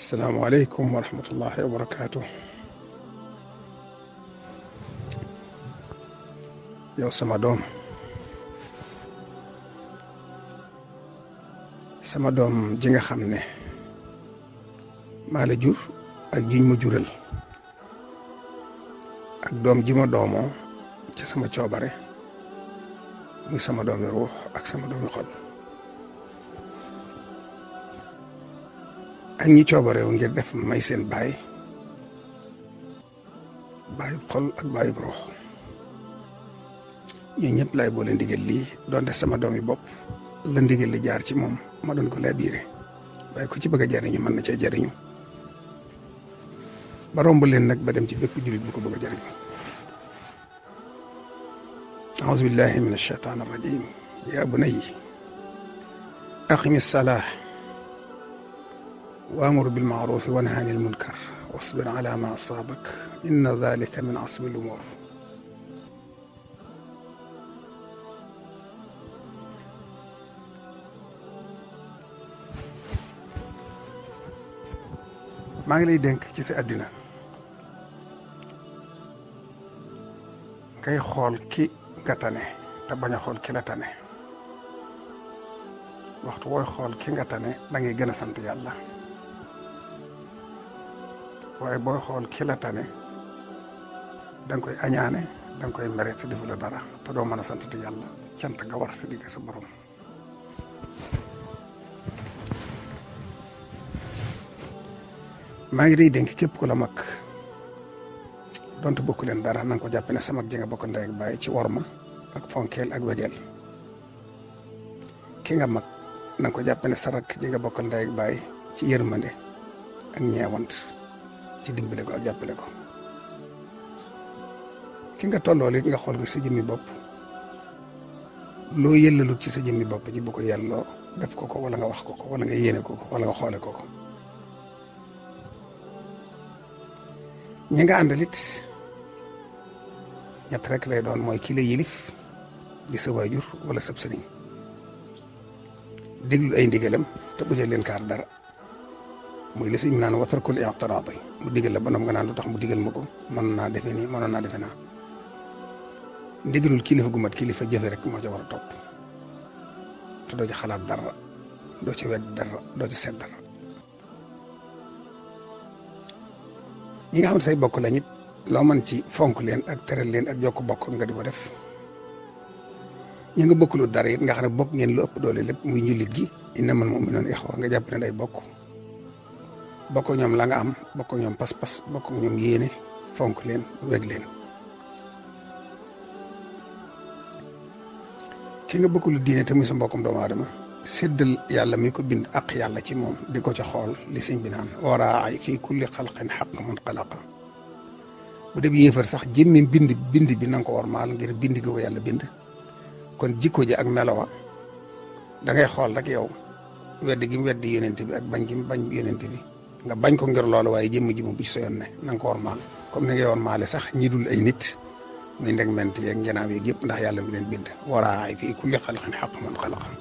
asalaamualeykum wa rahmatullahi wa barakaatu. yow sama doom sama doom ji nga xam ne maa la jur ak jiñ ma jural ak doom ji ma doomoo ci sama coobare muy sama doomi ruux ak sama doomi xol ak ñi coobarewu ngir def may seen baay baayub xol ak baayub roox ñoo ñëpp laay boole ndigal lii doonte sama doom yi bopp la ndigal li jaar ci moom ma doon ko laa biire waaye ku ci bëgg a jariñu mën na cee jariñu ba romb leen nag ba dem ci bépp jullit bu ko bëgg a jariñu auzu billahi min alcheytaan arrajim ya bunay salaah waamur bil maaruf wanha anil munkar wasbir ala ma asaabak inna dalika min asbi lumuur maa ngi lay dénk ci si àddina kay xool ki nga tane te bañ a xool ki la tane waxtu wooy xool ki nga tane da ngay gën a sant yàlla waaye booy xool ki la koy añaane da nga koy mere te defu la dara te doo mën a sant yàlla cant ga war sa digg sa borom. maa ngi day dénk képp ku la mag donte bokku leen dara na ko jàpp ne sa mag ji nga bokk ndey ak bàyyi ci worma ak fonkeel ak wegeel ki nga mag na ko jàpp ne sa rakk ji nga bokk ndey ak bàyyi ci yërmande ak ñeewant. ci dimbale ko ak jàppale ko ki nga tollool it nga xool ko sa jëmmi bopp loo yëllalut ci sa jëmmi bopp ji bu ko yàlloo def ko ko wala nga wax ko ko wala nga yéene ko ko wala nga xoole ko ko ñi nga àndalit ñett rek lay doon mooy kii la yilif di sa waajur wala sab sëriñ déglu ay ndigalam te bu jël leen kaar dara mooy li sëñ bi naan watarkul i'tiraadi mu digal la ba nga naan lu tax mu digal ma ko mën naa defee nii mënoon naa defee naa kilifa gu mat kilifa jëfe rek moo ca war topp te doo ci xalaat dara doo ci wet dara doo ci seet dara ñi nga xam say bokk lañ it loo mën ci fonk leen ak teral leen ak jokk bokk nga di ko def ñi nga bokkulul dara it nga xam ne bokk ngeen lu doole lépp muy njullit gi innamal mu'minuuna ixwa nga jàpp ne day bokk bokk ñoom la nga am bokk ñoom pas-pas bokk ñoom yéene fonk leen weg leen ki nga bokkul diine te muy mbokkum doomu aadama séddal yàlla mi ko bind ak yàlla ci moom di ko ca xool li sëñ bi naan waraay fii kulli xalqin xaq man xalaqa bu dee yéefar sax jëmmi bind bind bi na ko war maal ngir bind gi ko yàlla bind kon jikko ji ak melowa dangay xool rek yow weddi gi mu weddi yonent ak bañ gi mu bañ yonent bi nga bañ ko ngir loolu waaye jëmm ji mu bu ci ne na maal comme ni nga yoon maale sax ñi ay nit muy ndeg ment yeeg ngenaaw yeeg yëpp ndax yàlla mi leen bind waraay fii kulli xalqin xaq man xalaqan